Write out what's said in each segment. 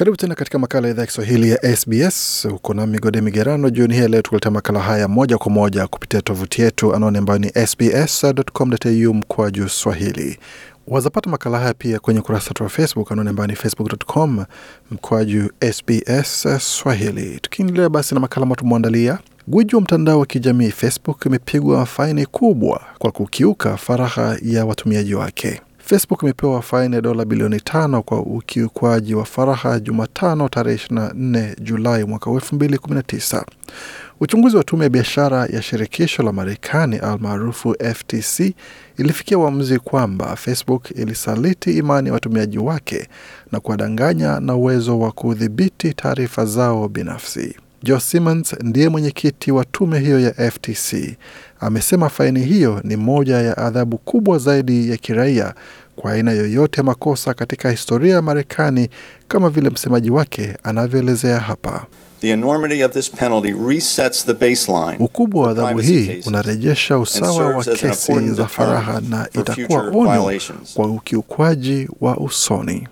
Karibu tena katika makala ya idhaa ya Kiswahili ya SBS. Uko na Migode Migerano jioni hii leo, tukuletea makala haya moja kwa moja kupitia tovuti yetu anaoni ambayo ni sbs.com.au juu swahili. Wazapata makala haya pia kwenye ukurasa wetu wa Facebook anaoni ambayo ni facebook.com juu SBS swahili. Tukiendelea basi na makala ambayo tumeandalia Gwiji wa mtandao wa kijamii Facebook imepigwa faini kubwa kwa kukiuka faragha ya watumiaji wake. Facebook imepewa faini ya dola bilioni tano kwa ukiukwaji wa faraha Jumatano tarehe 24 Julai mwaka 2019. Uchunguzi wa tume ya biashara ya shirikisho la Marekani almaarufu FTC ilifikia uamuzi kwamba Facebook ilisaliti imani ya watumiaji wake na kuwadanganya na uwezo wa kudhibiti taarifa zao binafsi. Joe Simmons ndiye mwenyekiti wa tume hiyo ya FTC amesema faini hiyo ni moja ya adhabu kubwa zaidi ya kiraia kwa aina yoyote ya makosa katika historia ya Marekani, kama vile msemaji wake anavyoelezea hapa. Ukubwa wa adhabu hii unarejesha usawa wa kesi za faraha na itakuwa onyo kwa ukiukwaji wa usoni.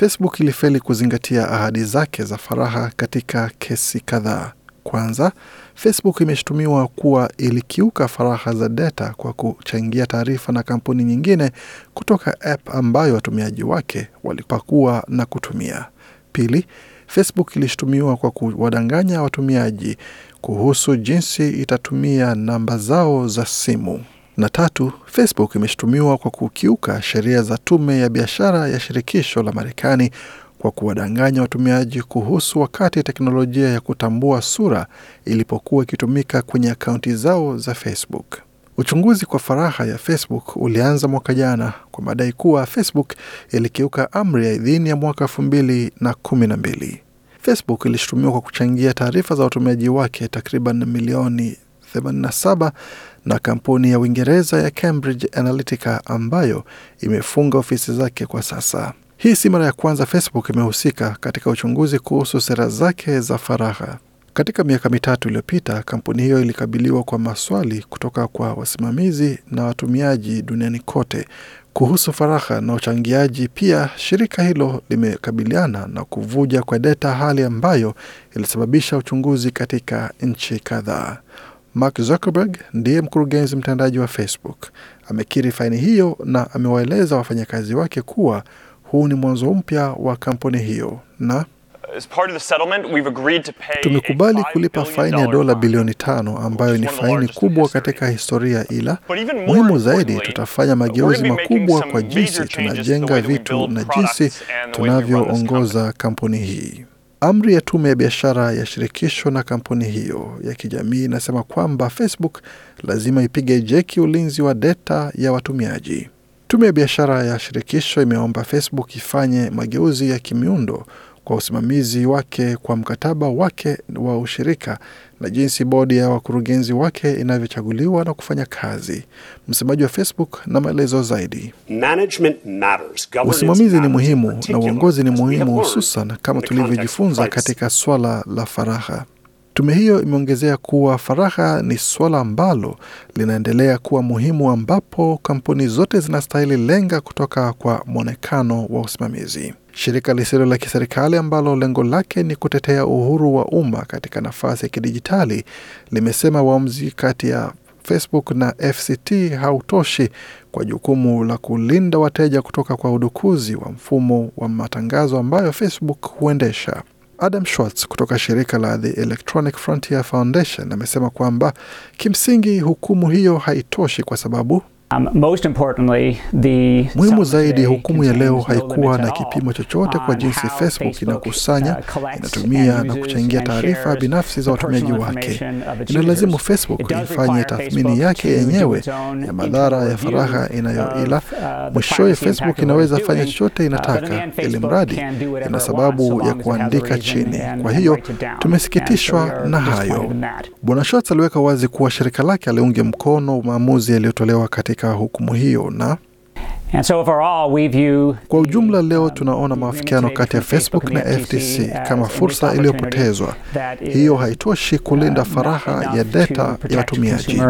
Facebook ilifeli kuzingatia ahadi zake za faraha katika kesi kadhaa. Kwanza, Facebook imeshutumiwa kuwa ilikiuka faraha za data kwa kuchangia taarifa na kampuni nyingine kutoka app ambayo watumiaji wake walipakua na kutumia. Pili, Facebook ilishutumiwa kwa kuwadanganya watumiaji kuhusu jinsi itatumia namba zao za simu. Na tatu, Facebook imeshutumiwa kwa kukiuka sheria za tume ya biashara ya shirikisho la Marekani kwa kuwadanganya watumiaji kuhusu wakati teknolojia ya kutambua sura ilipokuwa ikitumika kwenye akaunti zao za Facebook. Uchunguzi kwa faraha ya Facebook ulianza mwaka jana kwa madai kuwa Facebook ilikiuka amri ya idhini ya mwaka elfu mbili na kumi na mbili. Facebook ilishutumiwa kwa kuchangia taarifa za watumiaji wake takriban milioni 87 na kampuni ya Uingereza ya Cambridge Analytica ambayo imefunga ofisi zake kwa sasa. Hii si mara ya kwanza Facebook imehusika katika uchunguzi kuhusu sera zake za faragha. Katika miaka mitatu iliyopita, kampuni hiyo ilikabiliwa kwa maswali kutoka kwa wasimamizi na watumiaji duniani kote kuhusu faragha na uchangiaji. Pia shirika hilo limekabiliana na kuvuja kwa data, hali ambayo ilisababisha uchunguzi katika nchi kadhaa. Mark Zuckerberg ndiye mkurugenzi mtendaji wa Facebook amekiri faini hiyo na amewaeleza wafanyakazi wake kuwa huu ni mwanzo mpya wa kampuni hiyo na Tumekubali kulipa faini ya dola bilioni tano ambayo ni faini kubwa katika historia, ila muhimu zaidi, tutafanya mageuzi makubwa kwa jinsi tunajenga vitu na jinsi tunavyoongoza kampuni hii. Amri ya tume ya biashara ya shirikisho na kampuni hiyo ya kijamii inasema kwamba Facebook lazima ipige jeki ulinzi wa data ya watumiaji. Tume ya biashara ya shirikisho imeomba Facebook ifanye mageuzi ya kimiundo kwa usimamizi wake kwa mkataba wake wa ushirika na jinsi bodi ya wakurugenzi wake inavyochaguliwa na kufanya kazi. Msemaji wa Facebook na maelezo zaidi, usimamizi ni muhimu na uongozi ni muhimu, hususan kama tulivyojifunza katika swala la faragha. Tume hiyo imeongezea kuwa faragha ni suala ambalo linaendelea kuwa muhimu, ambapo kampuni zote zinastahili lenga kutoka kwa mwonekano wa usimamizi. Shirika lisilo la kiserikali ambalo lengo lake ni kutetea uhuru wa umma katika nafasi ya kidijitali limesema uamuzi kati ya Facebook na FCT hautoshi kwa jukumu la kulinda wateja kutoka kwa udukuzi wa mfumo wa matangazo ambayo Facebook huendesha. Adam Schwartz kutoka shirika la The Electronic Frontier Foundation amesema kwamba kimsingi hukumu hiyo haitoshi kwa sababu Um, Muhimu zaidi, hukumu ya leo haikuwa na kipimo chochote kwa jinsi Facebook uh, inakusanya, inatumia na kuchangia taarifa binafsi za watumiaji wake. Inalazimu Facebook ifanye tathmini yake yenyewe ya madhara ya faragha uh, inayoila. Mwishowe, Facebook inaweza fanya chochote uh, inataka, ili mradi ina sababu ya kuandika chini. Kwa hiyo tumesikitishwa na hayo. Bwana Scholz aliweka wazi kuwa shirika lake aliunge mkono maamuzi yaliyotolewa katika katika hukumu hiyo na And so overall, we view kwa ujumla leo um, tunaona maafikiano kati ya Facebook na FTC uh, kama fursa iliyopotezwa. Hiyo haitoshi kulinda um, faraha ya data ya watumiaji.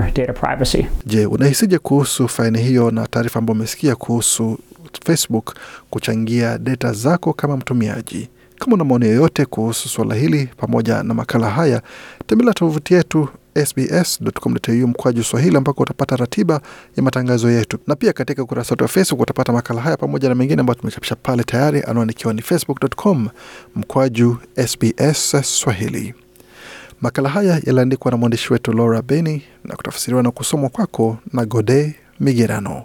Je, unahisije kuhusu faini hiyo na taarifa ambayo umesikia kuhusu Facebook kuchangia data zako kama mtumiaji? Kama una maoni yoyote kuhusu suala hili pamoja na makala haya, tembelea tovuti yetu sbs.com.au mkwaju Swahili ambako utapata ratiba ya matangazo yetu, na pia katika ukurasa wetu wa Facebook utapata makala haya pamoja na mengine ambayo tumechapisha pale tayari, anwani ikiwa ni facebook.com mkwaju sbs Swahili. Makala haya yaliandikwa na mwandishi wetu Laura Beny na kutafsiriwa na kusomwa kwako na Gode Migerano.